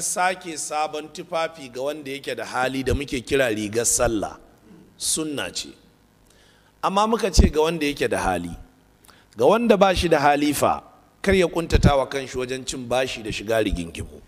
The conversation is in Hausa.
sake sabon tufafi ga wanda yake da hali da muke kira rigar sallah sunna ce amma muka ce ga wanda yake da hali ga wanda ba shi da halifa kar ya kuntata wa kanshi wajen cin bashi da shiga rigingimu